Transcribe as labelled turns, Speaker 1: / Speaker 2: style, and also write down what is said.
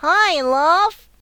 Speaker 1: Hi, love.